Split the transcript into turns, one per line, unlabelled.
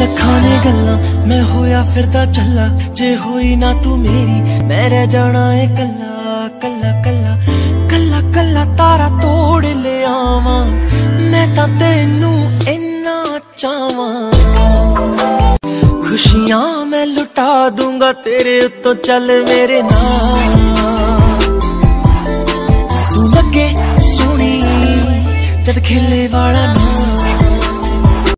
ਲੱਖਾਂ ਨੇ ਗੱਲਾਂ ਮੈਂ ਹੋਇਆ ਫਿਰਦਾ ਚੱਲਾ ਜੇ ਹੋਈ ਨਾ ਤੂੰ ਮੇਰੀ ਮੈਂ ਰਹਿ ਜਾਣਾ ਏ ਕੱਲਾ ਕੱਲਾ ਕੱਲਾ ਕੱਲਾ ਕੱਲਾ ਤਾਰਾ ਤੋੜ ਲਿਆਵਾਂ ਮੈਂ ਤਾਂ ਤੈਨੂੰ ਇੰਨਾ ਚਾਹਾਂ ਖੁਸ਼ੀਆਂ ਮੈਂ ਲੁਟਾ ਦੂੰਗਾ ਤੇਰੇ ਉੱਤੋਂ ਚੱਲ ਮੇਰੇ ਨਾਲ ਤੂੰ ਲੱਗੇ ਸੁਣੀ ਜਦ ਖੇਲੇ ਵਾਲਾ ਨਾ